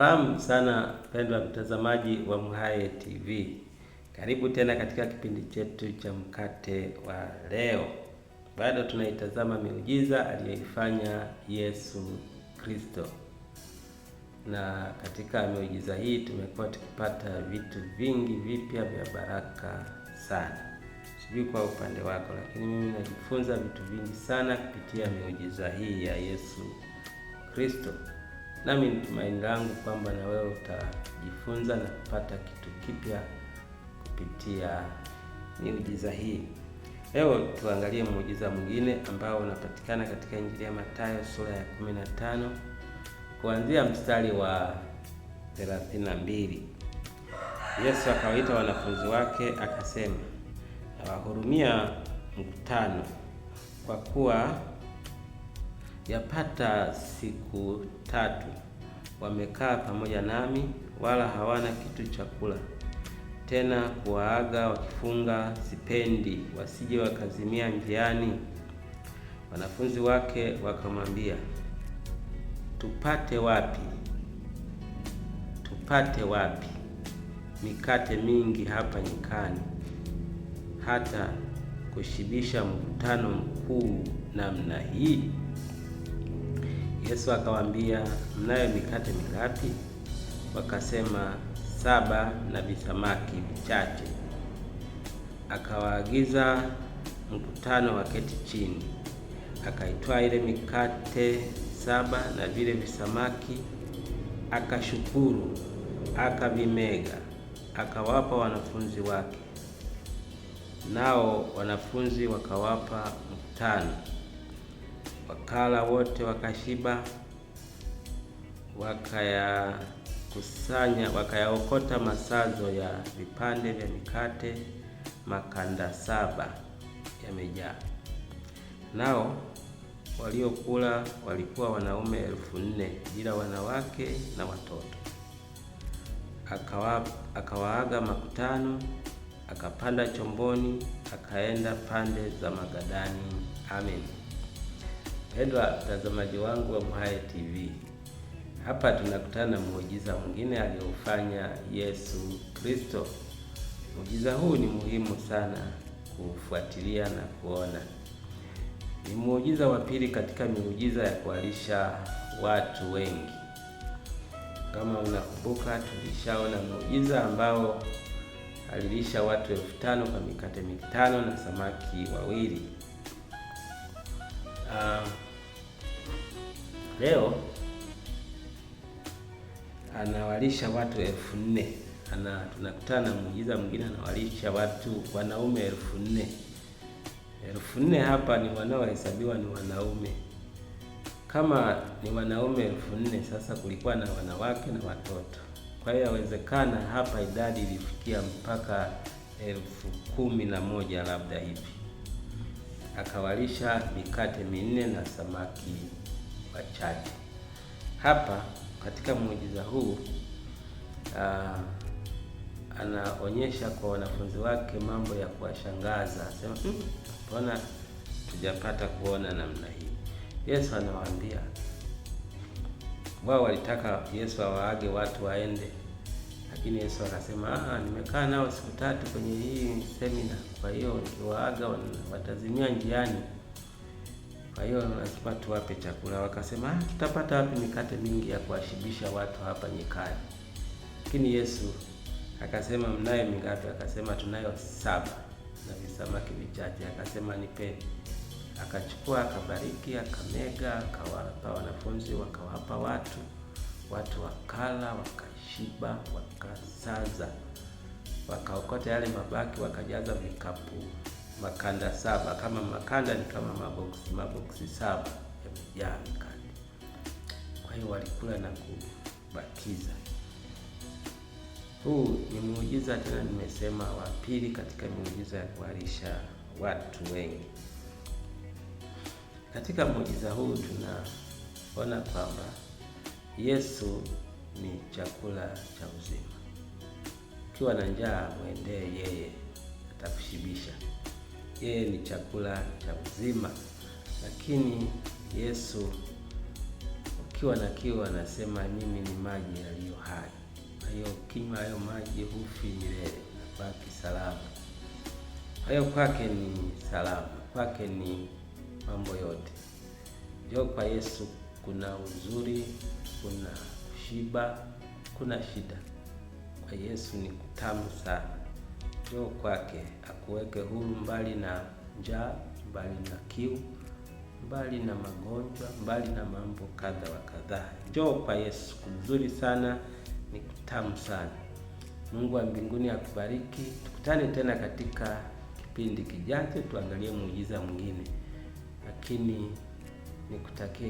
Salamu sana mpendwa mtazamaji wa MHAE TV, karibu tena katika kipindi chetu cha mkate wa leo. Bado tunaitazama miujiza aliyoifanya Yesu Kristo, na katika miujiza hii tumekuwa tukipata vitu vingi vipya vya baraka sana. Sijui kwa upande wako, lakini mimi najifunza vitu vingi sana kupitia miujiza hii ya Yesu Kristo nami ni tumaini langu kwamba na wewe utajifunza na kupata kitu kipya kupitia miujiza hii. Leo tuangalie muujiza mwingine ambao unapatikana katika Injili ya Mathayo sura ya 15 kuanzia mstari wa 32. Yesu akawaita wanafunzi wake akasema, nawahurumia mkutano kwa kuwa yapata siku tatu wamekaa pamoja nami, wala hawana kitu cha kula. Tena kuwaaga wakifunga sipendi, wasije wakazimia njiani. Wanafunzi wake wakamwambia, tupate wapi tupate wapi mikate mingi hapa nyikani, hata kushibisha mkutano mkuu namna hii? Yesu akawaambia, mnayo mikate mingapi? Wakasema, saba na visamaki vichache. Akawaagiza mkutano waketi chini, akaitwaa ile mikate saba na vile visamaki, akashukuru, akavimega, akawapa wanafunzi wake, nao wanafunzi wakawapa mkutano wakala wote wakashiba, wakayakusanya, wakayaokota masazo ya vipande vya mikate makanda saba yamejaa. Nao waliokula walikuwa wanaume elfu nne bila wanawake na watoto. Akawa, akawaaga makutano, akapanda chomboni, akaenda pande za Magadani. Amen pendwa mtazamaji wangu wa MHAE TV, hapa tunakutana na muujiza mwingine aliofanya Yesu Kristo. Muujiza huu ni muhimu sana kufuatilia na kuona. Ni muujiza wa pili katika miujiza ya kuwalisha watu wengi. Kama unakumbuka, tulishaona muujiza ambao alilisha watu elfu tano kwa mikate mitano na samaki wawili. Um, leo anawalisha watu elfu nne ana tunakutana na muujiza mwingine anawalisha watu wanaume elfu nne elfu nne hapa ni wanaohesabiwa ni wanaume kama ni wanaume elfu nne sasa kulikuwa na wanawake na watoto kwa hiyo yawezekana hapa idadi ilifikia mpaka elfu kumi na moja labda hivi akawalisha mikate minne na samaki wachache. Hapa katika muujiza huu uh, anaonyesha kwa wanafunzi wake mambo ya kuwashangaza, asema hmm, mbona mm, tujapata kuona namna hii. Yesu anawaambia wao walitaka Yesu awaage watu waende lakini Yesu akasema nimekaa nao siku tatu kwenye hii semina, kwa hiyo nikiwaaga watazimia njiani, kwa hiyo lazima tuwape chakula. Wakasema tutapata wapi mikate mingi ya kuwashibisha watu hapa nyikani? Lakini Yesu akasema mnayo mingapi? Akasema tunayo saba na visamaki vichache. Akasema nipeni. Akachukua, akabariki, akamega, akawapa wanafunzi, wakawapa watu watu wakala wakashiba, wakasaza, wakaokota yale mabaki, wakajaza vikapu makanda saba. Kama makanda ni kama maboksi, maboksi saba yamejaa mikate. Kwa hiyo walikula na kubakiza. Huu ni muujiza tena, nimesema wa pili katika muujiza ya kuwalisha watu wengi. Katika muujiza huu tunaona kwamba Yesu ni chakula cha uzima. Ukiwa na njaa, mwendee yeye, atakushibisha. Yeye ni chakula cha uzima. Lakini Yesu, ukiwa na kiu, anasema mimi ni maji yaliyo hai, kwa hiyo kinywa hayo maji hufi milele, nabaki salama. Kwa hiyo kwake ni salama, kwake ni mambo yote. Njoo kwa Yesu kuna uzuri, kuna kushiba, kuna shida. Kwa Yesu ni kutamu sana. Njoo kwake akuweke huru, mbali na njaa, mbali na kiu, mbali na magonjwa, mbali na mambo kadha wa kadhaa. Njoo kwa Yesu, kuzuri sana, ni kutamu sana. Mungu wa mbinguni akubariki. Tukutane tena katika kipindi kijacho, tuangalie muujiza mwingine, lakini nikutakie